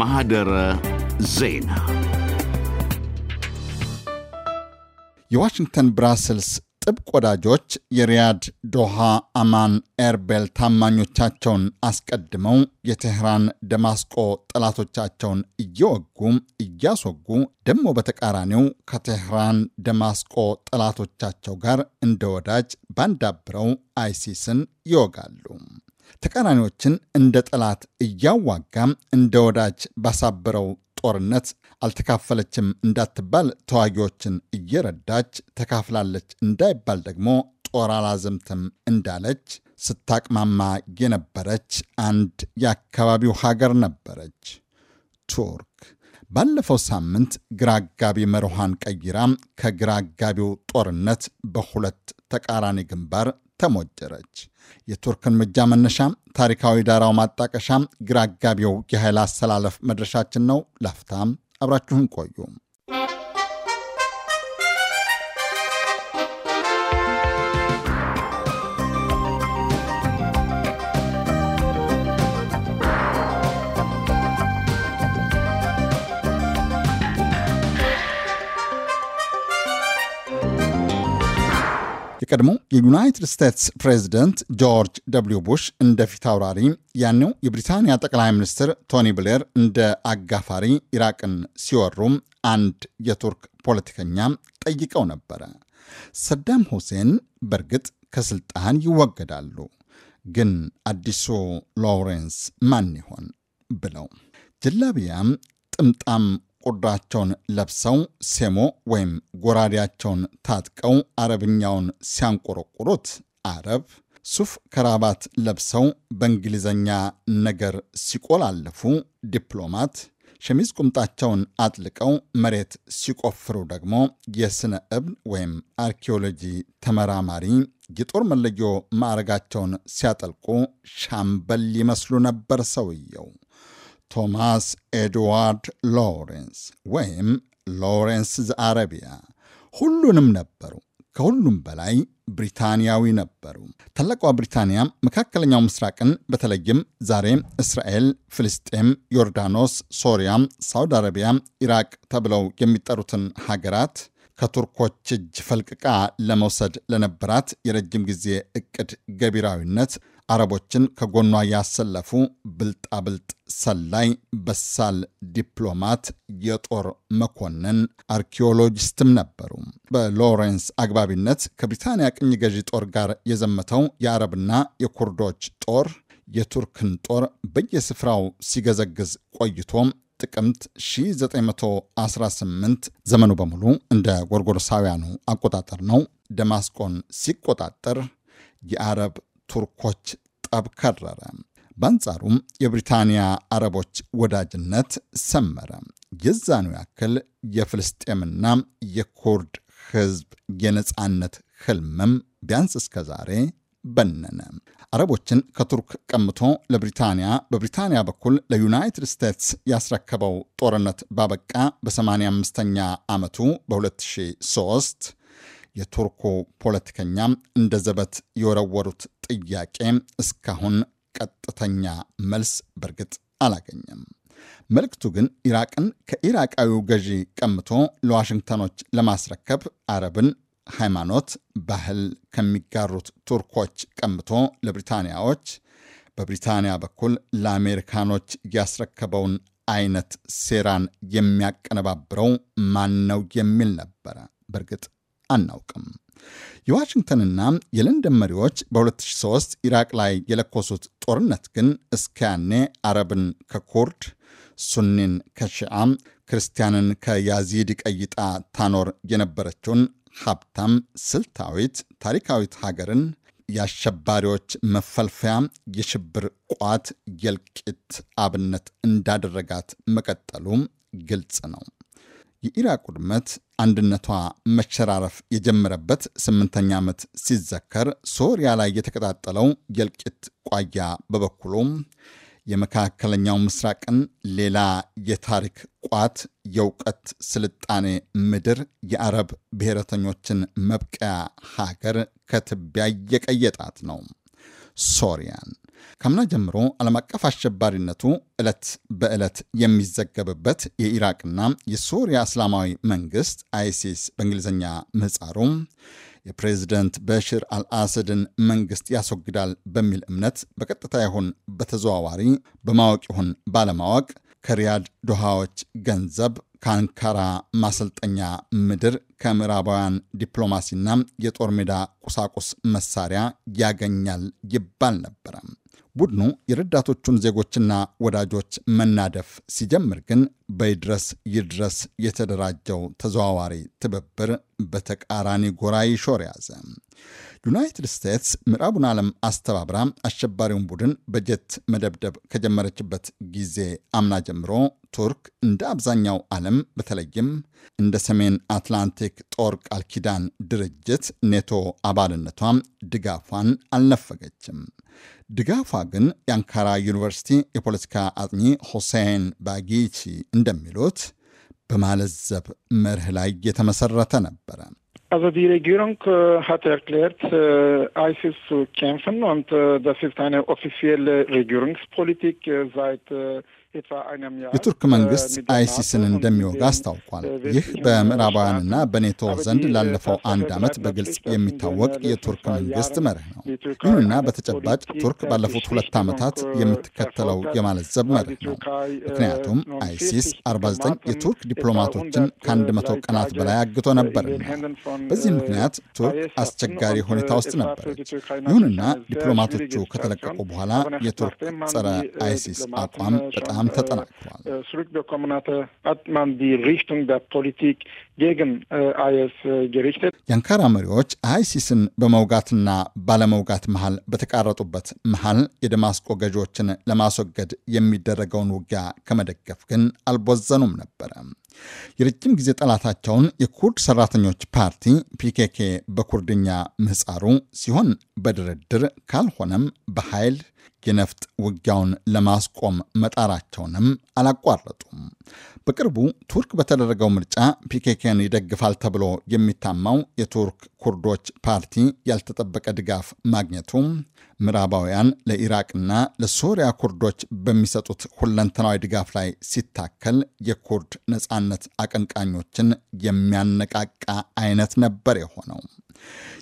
ማህደረ ዜና። የዋሽንግተን ብራስልስ ጥብቅ ወዳጆች የሪያድ፣ ዶሃ፣ አማን፣ ኤርቤል ታማኞቻቸውን አስቀድመው የቴህራን፣ ደማስቆ ጠላቶቻቸውን እየወጉ እያስወጉ ደግሞ በተቃራኒው ከቴህራን ደማስቆ ጠላቶቻቸው ጋር እንደ ወዳጅ ባንዳብረው አይሲስን ይወጋሉ። ተቃራኒዎችን እንደ ጠላት እያዋጋ እንደ ወዳጅ ባሳበረው ጦርነት አልተካፈለችም እንዳትባል ተዋጊዎችን እየረዳች ተካፍላለች እንዳይባል ደግሞ ጦር አላዘምትም እንዳለች ስታቅማማ የነበረች አንድ የአካባቢው ሀገር ነበረች ቱርክ። ባለፈው ሳምንት ግራ መርሃን ቀይራ ከግራ ጦርነት በሁለት ተቃራኒ ግንባር ተሞጀረች። የቱርክ እርምጃ መነሻም ታሪካዊ ዳራው ማጣቀሻም ግራጋቢው የኃይል አሰላለፍ መድረሻችን ነው። ላፍታም አብራችሁን ቆዩ። የቀድሞ የዩናይትድ ስቴትስ ፕሬዚደንት ጆርጅ ደብልዩ ቡሽ እንደ ፊት አውራሪ፣ ያኔው የብሪታንያ ጠቅላይ ሚኒስትር ቶኒ ብሌር እንደ አጋፋሪ ኢራቅን ሲወሩ አንድ የቱርክ ፖለቲከኛ ጠይቀው ነበረ። ሰዳም ሁሴን በእርግጥ ከስልጣን ይወገዳሉ፣ ግን አዲሱ ሎውሬንስ ማን ይሆን ብለው ጀላቢያም ጥምጣም ቁዳቸውን ለብሰው ሴሞ ወይም ጎራዴያቸውን ታጥቀው አረብኛውን ሲያንቆረቁሩት አረብ፣ ሱፍ ከራባት ለብሰው በእንግሊዘኛ ነገር ሲቆላለፉ ዲፕሎማት፣ ሸሚዝ ቁምጣቸውን አጥልቀው መሬት ሲቆፍሩ ደግሞ የሥነ እብን ወይም አርኪኦሎጂ ተመራማሪ የጦር መለዮ ማዕረጋቸውን ሲያጠልቁ ሻምበል ይመስሉ ነበር ሰውየው። ቶማስ ኤድዋርድ ሎረንስ ወይም ሎረንስ ዘአረቢያ ሁሉንም ነበሩ። ከሁሉም በላይ ብሪታንያዊ ነበሩ። ታላቋ ብሪታንያ መካከለኛው ምስራቅን በተለይም ዛሬ እስራኤል፣ ፍልስጤም፣ ዮርዳኖስ፣ ሶሪያ፣ ሳውዲ አረቢያ፣ ኢራቅ ተብለው የሚጠሩትን ሀገራት ከቱርኮች እጅ ፈልቅቃ ለመውሰድ ለነበራት የረጅም ጊዜ እቅድ ገቢራዊነት አረቦችን ከጎኗ ያሰለፉ ብልጣብልጥ ሰላይ፣ በሳል ዲፕሎማት፣ የጦር መኮንን፣ አርኪኦሎጂስትም ነበሩ። በሎሬንስ አግባቢነት ከብሪታንያ ቅኝ ገዢ ጦር ጋር የዘመተው የአረብና የኩርዶች ጦር የቱርክን ጦር በየስፍራው ሲገዘግዝ ቆይቶም ጥቅምት 1918 ዘመኑ በሙሉ እንደ ጎርጎሮሳውያኑ አቆጣጠር ነው። ደማስቆን ሲቆጣጠር የአረብ ቱርኮች ጠብ ከረረ። በአንጻሩም የብሪታንያ አረቦች ወዳጅነት ሰመረ። የዛኑ ያክል የፍልስጤምና የኩርድ ህዝብ የነፃነት ህልምም ቢያንስ እስከ ዛሬ በነነ። አረቦችን ከቱርክ ቀምቶ ለብሪታንያ በብሪታንያ በኩል ለዩናይትድ ስቴትስ ያስረከበው ጦርነት ባበቃ በ85ኛ ዓመቱ በ2003 የቱርኩ ፖለቲከኛ እንደ ዘበት የወረወሩት ጥያቄ እስካሁን ቀጥተኛ መልስ በእርግጥ አላገኘም። መልእክቱ ግን ኢራቅን ከኢራቃዊው ገዢ ቀምቶ ለዋሽንግተኖች ለማስረከብ አረብን ሃይማኖት፣ ባህል ከሚጋሩት ቱርኮች ቀምቶ ለብሪታንያዎች በብሪታንያ በኩል ለአሜሪካኖች ያስረከበውን አይነት ሴራን የሚያቀነባብረው ማን ነው የሚል ነበረ። በእርግጥ አናውቅም። የዋሽንግተንና የለንደን መሪዎች በ2003 ኢራቅ ላይ የለኮሱት ጦርነት ግን እስከ ያኔ አረብን ከኩርድ፣ ሱኒን ከሺዓ፣ ክርስቲያንን ከያዚድ ቀይጣ ታኖር የነበረችውን ሀብታም፣ ስልታዊት፣ ታሪካዊት ሀገርን የአሸባሪዎች መፈልፈያ፣ የሽብር ቋት፣ የልቂት አብነት እንዳደረጋት መቀጠሉ ግልጽ ነው። የኢራቅ ውድመት አንድነቷ መሸራረፍ የጀመረበት ስምንተኛ ዓመት ሲዘከር ሶሪያ ላይ የተቀጣጠለው የእልቂት ቋያ በበኩሉ የመካከለኛው ምስራቅን ሌላ የታሪክ ቋት፣ የእውቀት ስልጣኔ ምድር፣ የአረብ ብሔረተኞችን መብቀያ ሀገር ከትቢያ የቀየጣት ነው ሶሪያን። ካምና ጀምሮ ዓለም አቀፍ አሸባሪነቱ ዕለት በዕለት የሚዘገብበት የኢራቅና የሱሪያ እስላማዊ መንግስት አይሲስ በእንግሊዝኛ ምህጻሩ የፕሬዝደንት በሽር አልአሰድን መንግስት ያስወግዳል በሚል እምነት በቀጥታ ይሁን በተዘዋዋሪ በማወቅ ይሁን ባለማወቅ ከሪያድ ዶሃዎች ገንዘብ ከአንካራ ማሰልጠኛ ምድር ከምዕራባውያን ዲፕሎማሲና የጦር ሜዳ ቁሳቁስ መሳሪያ ያገኛል ይባል ነበረም። ቡድኑ የረዳቶቹን ዜጎችና ወዳጆች መናደፍ ሲጀምር ግን በይድረስ ይድረስ የተደራጀው ተዘዋዋሪ ትብብር በተቃራኒ ጎራ ይሾር ያዘ። ዩናይትድ ስቴትስ ምዕራቡን ዓለም አስተባብራ አሸባሪውን ቡድን በጀት መደብደብ ከጀመረችበት ጊዜ አምና ጀምሮ ቱርክ እንደ አብዛኛው ዓለም በተለይም እንደ ሰሜን አትላንቲክ ጦር ቃል ኪዳን ድርጅት ኔቶ አባልነቷ ድጋፏን አልነፈገችም። ድጋፏ ግን የአንካራ ዩኒቨርሲቲ የፖለቲካ አጥኚ ሁሴን ባጌቺ እንደሚሉት በማለዘብ መርህ ላይ የተመሰረተ ነበረ። ኦፊሲየል ሪጊሩንግስ ፖሊቲክ ዛይት የቱርክ መንግስት አይሲስን እንደሚወጋ አስታውቋል። ይህ በምዕራባውያንና በኔቶ ዘንድ ላለፈው አንድ ዓመት በግልጽ የሚታወቅ የቱርክ መንግስት መርህ ነው። ይሁንና በተጨባጭ ቱርክ ባለፉት ሁለት ዓመታት የምትከተለው የማለዘብ መርህ ነው። ምክንያቱም አይሲስ 49 የቱርክ ዲፕሎማቶችን ከ100 ቀናት በላይ አግቶ ነበርና በዚህ ምክንያት ቱርክ አስቸጋሪ ሁኔታ ውስጥ ነበረች። ይሁንና ዲፕሎማቶቹ ከተለቀቁ በኋላ የቱርክ ጸረ አይሲስ አቋም በጣም እናም ተጠናክሯል። የአንካራ መሪዎች አይሲስን በመውጋትና ባለመውጋት መሃል በተቃረጡበት መሃል የደማስቆ ገዢዎችን ለማስወገድ የሚደረገውን ውጊያ ከመደገፍ ግን አልቦዘኑም ነበረ። የረጅም ጊዜ ጠላታቸውን የኩርድ ሰራተኞች ፓርቲ ፒኬኬ በኩርድኛ ምህፃሩ ሲሆን በድርድር ካልሆነም በኃይል የነፍጥ ውጊያውን ለማስቆም መጣራቸውንም አላቋረጡም። በቅርቡ ቱርክ በተደረገው ምርጫ ፒኬኬን ይደግፋል ተብሎ የሚታማው የቱርክ ኩርዶች ፓርቲ ያልተጠበቀ ድጋፍ ማግኘቱ ምዕራባውያን ለኢራቅና ለሶሪያ ኩርዶች በሚሰጡት ሁለንተናዊ ድጋፍ ላይ ሲታከል የኩርድ ነፃነት አቀንቃኞችን የሚያነቃቃ አይነት ነበር የሆነው።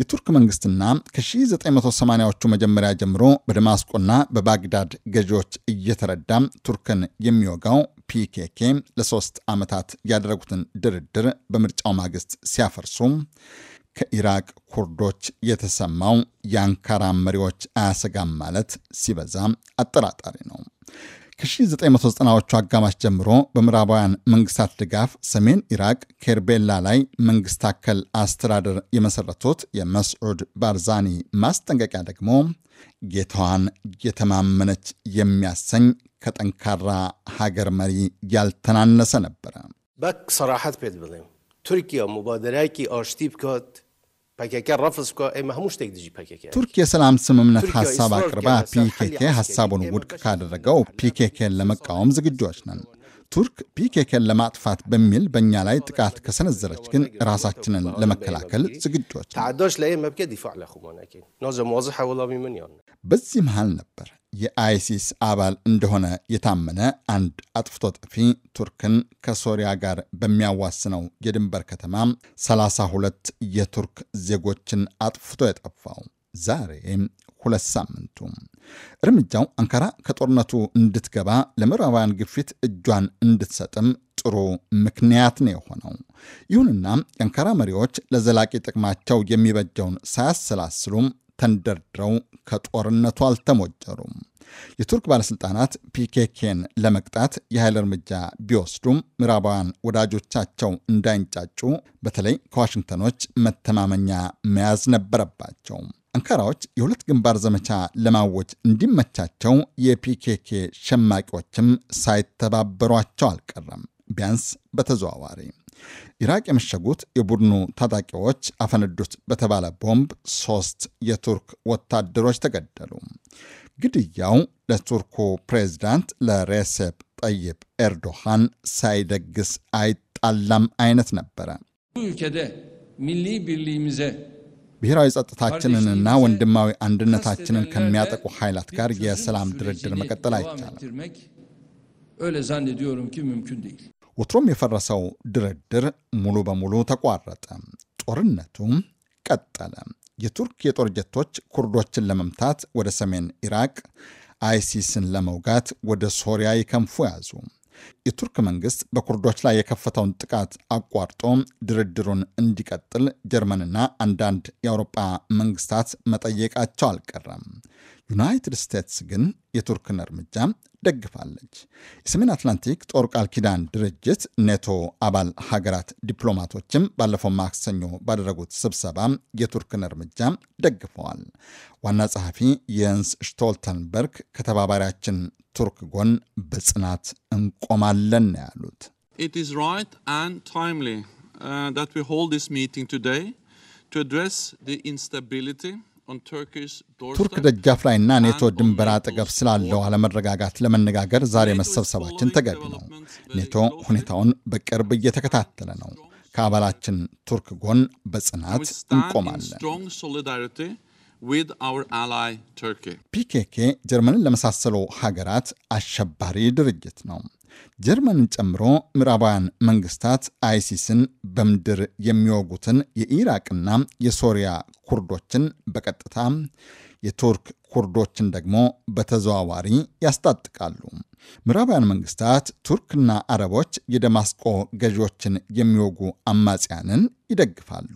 የቱርክ መንግስትና ከ1980ዎቹ መጀመሪያ ጀምሮ በደማስቆና በባግዳድ ገዢዎች እየተረዳም ቱርክን የሚወጋው ፒኬኬ ለሶስት ዓመታት ያደረጉትን ድርድር በምርጫው ማግስት ሲያፈርሱ ከኢራቅ ኩርዶች የተሰማው የአንካራ መሪዎች አያሰጋም ማለት ሲበዛ አጠራጣሪ ነው። ከ1990ዎቹ አጋማሽ ጀምሮ በምዕራባውያን መንግስታት ድጋፍ ሰሜን ኢራቅ ኬርቤላ ላይ መንግስት አከል አስተዳደር የመሰረቱት የመስዑድ ባርዛኒ ማስጠንቀቂያ ደግሞ ጌታዋን የተማመነች የሚያሰኝ ከጠንካራ ሀገር መሪ ያልተናነሰ ነበረ። ቱርክ የሰላም ስምምነት ሐሳብ አቅርባ ፒኬኬ ሐሳቡን ውድቅ ካደረገው ፒኬኬን ለመቃወም ዝግጁዎች ነን። ቱርክ ፒኬኬን ለማጥፋት በሚል በእኛ ላይ ጥቃት ከሰነዘረች ግን ራሳችንን ለመከላከል ዝግጆች ነን። በዚህ መሃል ነበር የአይሲስ አባል እንደሆነ የታመነ አንድ አጥፍቶ ጠፊ ቱርክን ከሶሪያ ጋር በሚያዋስነው የድንበር ከተማ 32 የቱርክ ዜጎችን አጥፍቶ የጠፋው ዛሬ ሁለት ሳምንቱ። እርምጃው አንካራ ከጦርነቱ እንድትገባ ለምዕራባውያን ግፊት እጇን እንድትሰጥም ጥሩ ምክንያት ነው የሆነው። ይሁንና የአንካራ መሪዎች ለዘላቂ ጥቅማቸው የሚበጀውን ሳያሰላስሉም ተንደርድረው ከጦርነቱ አልተሞጨሩም። የቱርክ ባለሥልጣናት ፒኬኬን ለመቅጣት የኃይል እርምጃ ቢወስዱም ምዕራባውያን ወዳጆቻቸው እንዳይንጫጩ በተለይ ከዋሽንግተኖች መተማመኛ መያዝ ነበረባቸው። አንካራዎች የሁለት ግንባር ዘመቻ ለማወጅ እንዲመቻቸው የፒኬኬ ሸማቂዎችም ሳይተባበሯቸው አልቀረም፣ ቢያንስ በተዘዋዋሪ ኢራቅ የመሸጉት የቡድኑ ታጣቂዎች አፈነዱት በተባለ ቦምብ ሶስት የቱርክ ወታደሮች ተገደሉ። ግድያው ለቱርኩ ፕሬዝዳንት ለሬሴፕ ጠይብ ኤርዶሃን ሳይደግስ አይጣላም አይነት ነበረ። ብሔራዊ ጸጥታችንንና ወንድማዊ አንድነታችንን ከሚያጠቁ ኃይላት ጋር የሰላም ድርድር መቀጠል አይቻልም። ወትሮም የፈረሰው ድርድር ሙሉ በሙሉ ተቋረጠ። ጦርነቱ ቀጠለ። የቱርክ የጦር ጀቶች ኩርዶችን ለመምታት ወደ ሰሜን ኢራቅ፣ አይሲስን ለመውጋት ወደ ሶሪያ ይከንፉ ያዙ። የቱርክ መንግስት በኩርዶች ላይ የከፈተውን ጥቃት አቋርጦ ድርድሩን እንዲቀጥል ጀርመንና አንዳንድ የአውሮጳ መንግስታት መጠየቃቸው አልቀረም። ዩናይትድ ስቴትስ ግን የቱርክን እርምጃ ደግፋለች። የሰሜን አትላንቲክ ጦር ቃል ኪዳን ድርጅት ኔቶ አባል ሀገራት ዲፕሎማቶችም ባለፈው ማክሰኞ ባደረጉት ስብሰባ የቱርክን እርምጃ ደግፈዋል። ዋና ጸሐፊ የንስ ሽቶልተንበርግ ከተባባሪያችን ቱርክ ጎን በጽናት እንቆማለን ነው ያሉት። ቱርክ ደጃፍ ላይና ኔቶ ድንበር አጠገብ ስላለው አለመረጋጋት ለመነጋገር ዛሬ መሰብሰባችን ተገቢ ነው። ኔቶ ሁኔታውን በቅርብ እየተከታተለ ነው። ከአባላችን ቱርክ ጎን በጽናት እንቆማለን። ፒኬኬ ጀርመንን ለመሳሰሉ ሀገራት አሸባሪ ድርጅት ነው። ጀርመንን ጨምሮ ምዕራባውያን መንግስታት አይሲስን በምድር የሚወጉትን የኢራቅና የሶሪያ ኩርዶችን በቀጥታ የቱርክ ኩርዶችን ደግሞ በተዘዋዋሪ ያስታጥቃሉ። ምዕራባውያን መንግስታት ቱርክና አረቦች የደማስቆ ገዢዎችን የሚወጉ አማጽያንን ይደግፋሉ።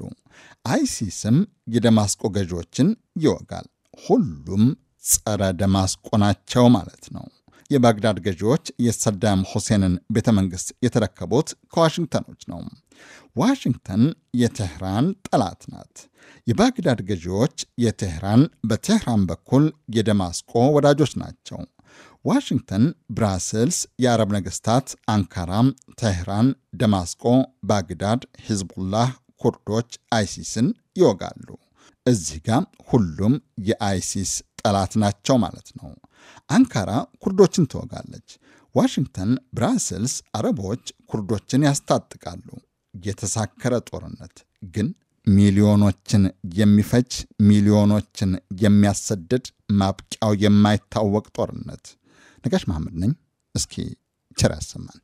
አይሲስም የደማስቆ ገዢዎችን ይወጋል። ሁሉም ጸረ ደማስቆ ናቸው ማለት ነው። የባግዳድ ገዢዎች የሰዳም ሁሴንን ቤተ መንግሥት የተረከቡት ከዋሽንግተኖች ነው። ዋሽንግተን የቴህራን ጠላት ናት። የባግዳድ ገዢዎች የቴህራን በቴህራን በኩል የደማስቆ ወዳጆች ናቸው። ዋሽንግተን፣ ብራስልስ፣ የአረብ ነገስታት፣ አንካራም፣ ቴህራን፣ ደማስቆ፣ ባግዳድ፣ ሂዝቡላህ፣ ኩርዶች አይሲስን ይወጋሉ። እዚህ ጋር ሁሉም የአይሲስ ጠላት ናቸው ማለት ነው። አንካራ ኩርዶችን ትወጋለች። ዋሽንግተን፣ ብራስልስ፣ አረቦች ኩርዶችን ያስታጥቃሉ። የተሳከረ ጦርነት ግን ሚሊዮኖችን የሚፈጅ ሚሊዮኖችን የሚያሰድድ ማብቂያው የማይታወቅ ጦርነት። ነጋሽ መሐመድ ነኝ። እስኪ ቸር ያሰማን።